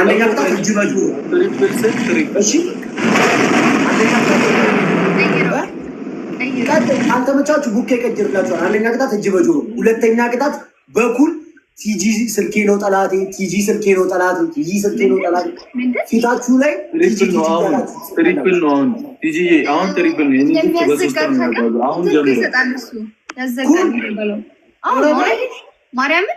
አንደኛ ቅጣት እጅ በእጁ እሺ፣ አልተመቻችሁ ቡኬ ቀጅርላችኋል። አንደኛ ቅጣት እጅ በእጁ ነው። ሁለተኛ ቅጣት በኩል ቲጂ ስልኬ ነው ጠላቴ፣ ቲጂ ስልኬ ነው ጠላቴ፣ ቲጂ ስልኬ ነው ጠላቴ። ፊታችሁ ላይ ትሪፕል ነው። አሁን ቲጂ አሁን ትሪፕል ነው። አሁን ጀምሮ ማርያምን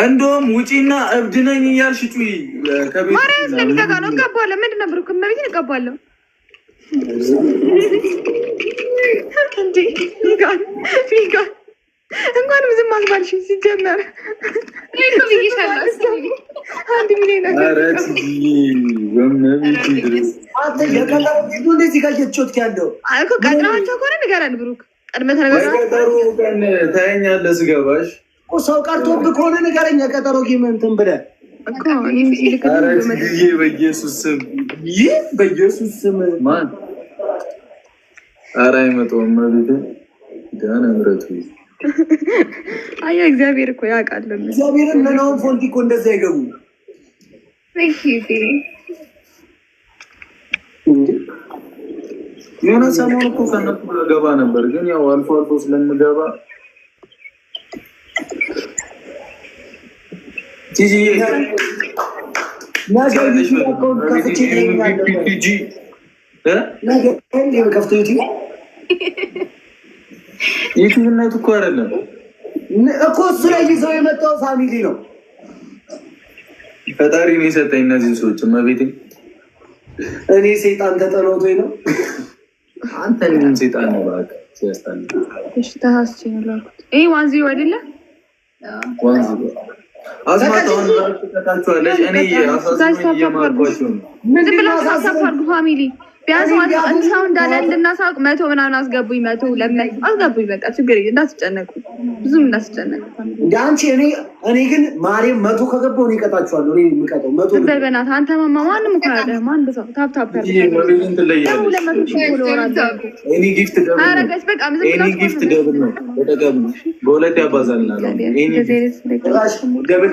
እንደውም ውጪና እብድ ነኝ እያልሽ ጩይ። ማርያም ስለሚዘጋ ነው። እገባለሁ። ምንድን ነው ብሩክ መቤትን እገባለሁ። እንኳን ብዙም አስባልሽ ሲጀመር አንድ ሚሊዮን ነገር ቀድመህ ተነጋገር። ሰው ቀርቶብህ ከሆነ ንገረኝ። የቀጠሮ ጊዜ እንትን ብለህ በኢየሱስ ስም ይህ በኢየሱስ ስም ማን ኧረ አይመጣውም። ቤቴ ደህና ምረቱ አያ እግዚአብሔር እኮ ያውቃል። እግዚአብሔርን ምናውን ፎንቲ እኮ እንደዛ አይገቡ የሆነ ሰሞኑን እኮ ከእነሱ ገባ ነበር፣ ግን ያው አልፎ አልፎ ስለምገባ ይህትነት እኮ አይደለም እኮ እሱ ላይ ይዘው የመጣው ፋሚሊ ነው። ፈጣሪ ነው የሰጠኝ እነዚህ ሰዎች መቤቴ። እኔ ሴጣን ተጠሎቶ ነው። አንተ ምንም ሴጣን ነው ሲያስታል። ይህ ዋንዚ አይደለ ዋንዚ አዝማታውን ታችኋለች። እኔ አሳዝኖኝ ፋሚሊ ቢያንስ አንድ ሰው እንዳለ እንድናሳውቅ መቶ ምናምን አስገቡኝ፣ መቶ ለምን አስገቡኝ። በቃ ችግር እንዳትጨነቁ፣ ብዙም እንዳትጨነቁ። እንደ አንቺ እኔ እኔ ግን ማርያም መቶ ከገባው እኔ እቀጣችኋለሁ። እኔ የምቀጣው መቶ ነበር። በእናትህ አንተ ማማ ማንም እኮ አያውቅም። አንድ ሰው ታብታብ ታብታብለመቶሽሎራረገች በቃ ጊፍት ደብል ነው በሁለት ያባዛልናለ ደብል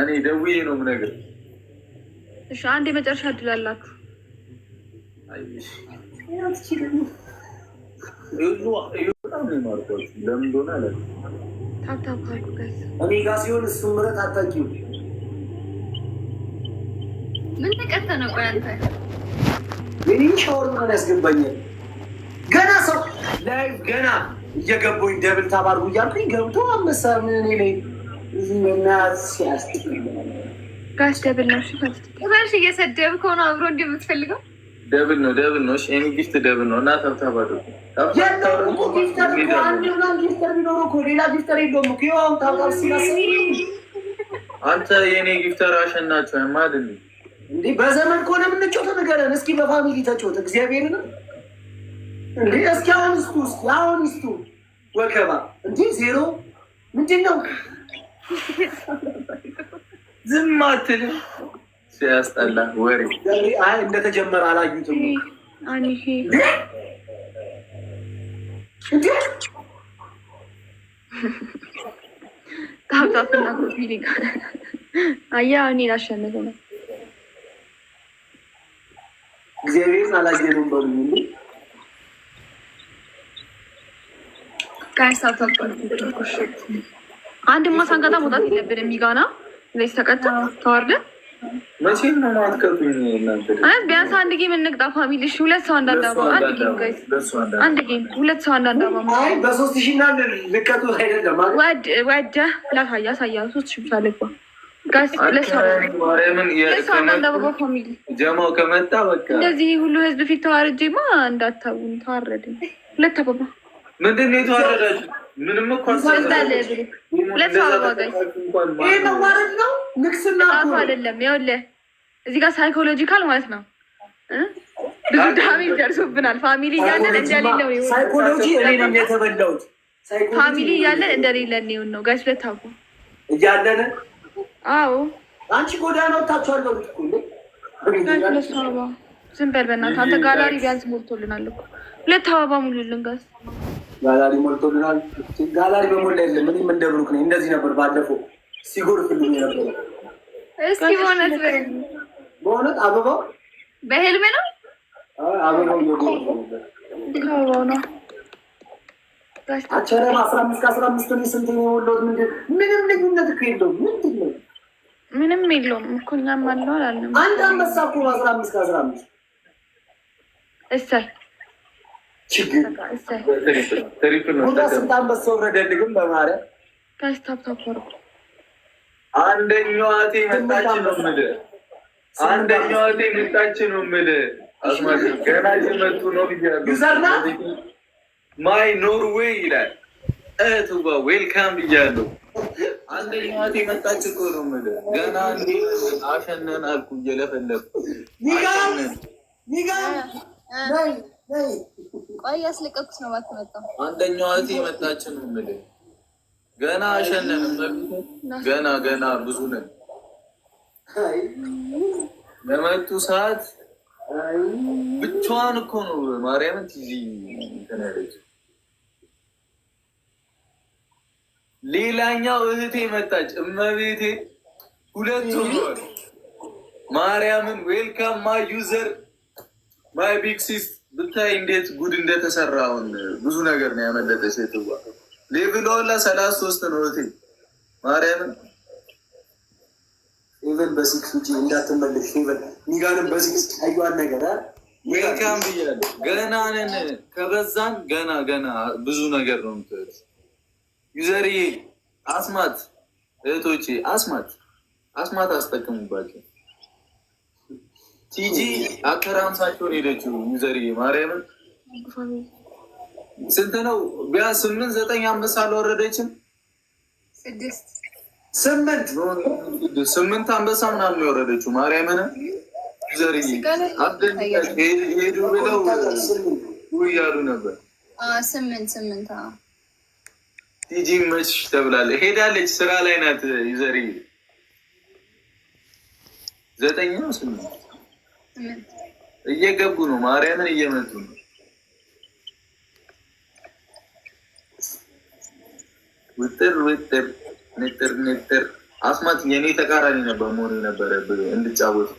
እኔ ደውዬ ነው የምነግርህ። እሺ አንድ የመጨረሻ እድል አላችሁ። እኔ ጋር ሲሆን እሱ ምረት አታውቂው ምን ተቀጥተህ ነው? ቆይ አንተ እኔን ሻወር ምናምን ያስገባኛል። ገና ሰው ላይ ገና እየገባኝ ደብል ታባርጉ እያልኩኝ ገብቶ አመሳር ምን እኔ ላይ ጋሽ ደብል ነው ሽ አብሮ እንዲ የምትፈልገው ደብል ነው ደብል ነው ኔ ጊፍት ደብል ነው እና ተብታባ አንተ የኔ ጊፍተር አሸናቸው ማድን እንዲህ በዘመን ከሆነ የምንጫወተው ንገረን እስኪ። በፋሚሊ ተጫወት እግዚአብሔርን እንዲህ እስኪ አሁን ስቱ እስኪ አሁን ስቱ ወከባ እንዲህ ዜሮ ምንድን ነው? ዝም አትልም። ሲያስጠላ ወሬ እንደተጀመረ አላዩትም። ታብታብና ኮፒሊ አያ እኔን አሸነፈ ነው። እግዚአብሔርን አላየነውም በሙሉ ጋር ሳብታብ አንድ ማሳንጋታ መውጣት የለብንም። የሚጋና ለዚህ ተቀጣ ተዋርደ ነው ማትቀጡኝ? ቢያንስ አንድ ጌም እንቅጣ ፋሚሊ። እሺ ሁለት ሰው አንዳንድ አንድ ጌም ጋይስ፣ አንድ ጌም ሁለት ሰው አንዳንድ በሶስት ሺ አይደለም ወደ ላሳያ ሳያ ሶስት ሺ ብቻ ልባ እንደዚህ ሁሉ ህዝብ ፊት ተዋርጄማ እንዳታውን ተዋረድ ሁለት አበባ ምንድን ነው የተዋረዳችሁ? ምንም እኮ አይደለም። ይኸውልህ እዚህ ጋር ሳይኮሎጂካል ማለት ነው ብዙ ዳሜጅ ደርሶብናል። ፋሚሊ እያለን እንደሌለው ፋሚሊ እያለን እንደሌለን ይሁን ነው ጋሽ ሁለት እያለን አዎ አንቺ ጎዳና ወታችኋለሁ ዝም በል በእናትህ አንተ ጋላሪ ቢያንስ ሞልቶልናል እኮ ሁለት አበባ ሙሉልን ጋስ ጋላሪ ሞልቶልናል። ጋላሪ በሞላ የለም። እኔም እንደ ብሩክ ነኝ። እንደዚህ ነበር ባለፈው ሲጎርፍልኝ ነበረ። እስኪ በእውነት በእውነት አበባው በህልም ነው አበባው ነበር አቸረም አስራ አምስት ከአስራ አምስት እኔ ስንት ነው ምንድን ምንም ልዩነት እኮ የለውም። ምንድን ነው ምንም የለውም እኮ እኛም አለው አላለም። አንድ አንበሳ እኮ በአስራ አምስት ከአስራ አምስት እሰይ ማይ ኖርዌይ ይላል እህቱ ዌልካም ብያለሁ። አንደኛዋ የመጣች እኮ ነው የምልህ። ገና እንደ አሸነን አልኩ እየለፈለኩ ቆይ ያስለቀኩት ነው አንደኛዋ እህቴ መጣች ነው የምልህ። ገና ገና ገና ብዙ ነን ለመጡ ሰዓት ብቻዋን እኮ ነው ማርያምን ትይዚ ሌላኛው እህቴ መጣች። እመቤቴ ማርያምን ዌልካም ማይ ዩዘር ማይ ቢግ ሲስት ብታይ እንዴት ጉድ እንደተሰራ አሁን ብዙ ነገር ነው ያመለጠ። ሴትዋ ሌቪሎ ለሰላሳ ሶስት ነው እቴ ማርያምን ኢቨን በሲክስ ውጪ እንዳትመልሽ ኢቨን ሚጋንም በሲክስ ታዩዋን ነገር ዌልካም ብያለሁ። ገና ነን ከበዛን ገና ገና ብዙ ነገር ነው ምትት ዩዘርዬ አስማት እህቶቼ አስማት አስማት አስጠቅሙባቸው። ቲጂ አተራምሳቸውን ሄደችው ዩዘሪ ማርያምን ስንት ነው? ቢያንስ ስምንት ዘጠኝ አምስት አልወረደችም። ስምንት ስምንት አንበሳ ምናምን ነው የወረደችው። ማርያምን ዩዘሪ ሄዱ ብለው እያሉ ነበር። ስምንት ስምንት ቲጂ መች ተብላለች። ሄዳለች፣ ስራ ላይ ናት። ዩዘሪ ዘጠኝ ነው ስምንት እየገቡ ነው። ማርያምን እየመቱ ነው። ውጥር ውጥር ንጥር ንጥር አስማት የኔ ተቃራኒ ነበር መሆን ነበረ እንድጫወት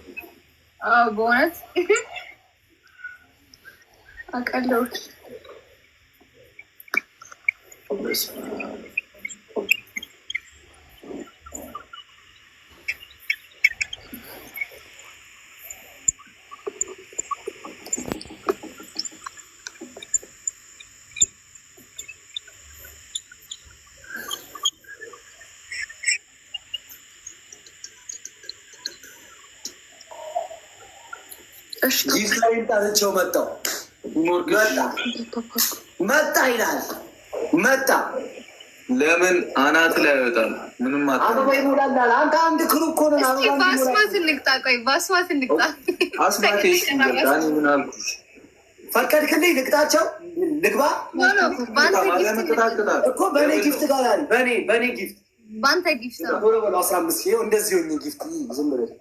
በእውነት አቀለው ይፍታይን ጠርቼው መጣሁ። መጣ ይላል መጣ። ለምን አናት ላይ አይወጣም? ምንም አበባ ይሞላላል። አንተ አንድ ክሩ እኮ ነን። በአስማት እንግጣ፣ ቆይ በአስማት እንግጣ። አስማት ምን አልኩሽ? ፈቀድክልኝ? ልቅጣቸው ልግባ እኮ በእኔ ጊፍት ጋር አለ። በእኔ በእኔ ጊፍት በአንተ ጊፍት ነው። አስራ አምስት እንደዚህ ሆኜ ጊፍት ዝም ብለህ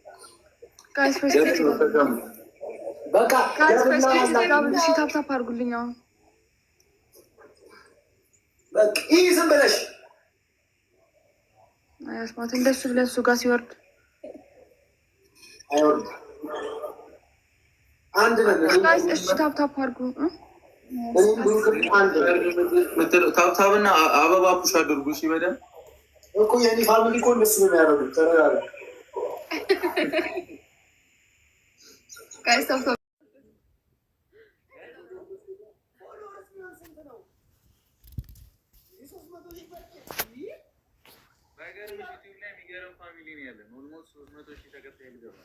ታፕታፕ አድርጉልኝ። አሁን ዝም ብለሽ አያስማት እንደሱ ብለህ እሱ ጋር ሲወርድ አንድ ነገር እሺ፣ አድርጉ። ታብታብና አበባ ፑሽ አድርጉ። እሺ፣ በደምብ እኮ የኔ ፋሚሊ እኮ እንደሱ ነው የሚያደርጉት። ተረጋጋ። የሚገርም ፋሚሊ ነው ያለን። ኦልሞስት ሶስት መቶ ሺህ ተከታይ ልገባ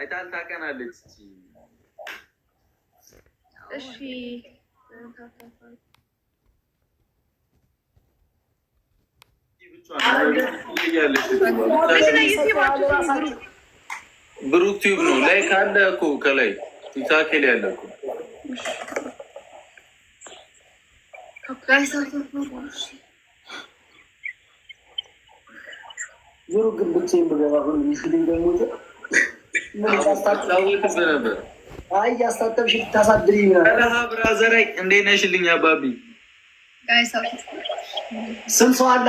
አይታን ታቀናለች። እሺ ብሩክ ቲዩብ ነው ላይ ካለ እኮ ከላይ ይታከል ያለኩ ዞሮ ግን ብቻዬን ብገባ አሁን ሚሽልኝ ደግሞ እያስታጠብሽ ታሳድሪኝ ብራዘረኝ። እንዴት ነሽልኝ አባቢ ስንት ሰው አለ?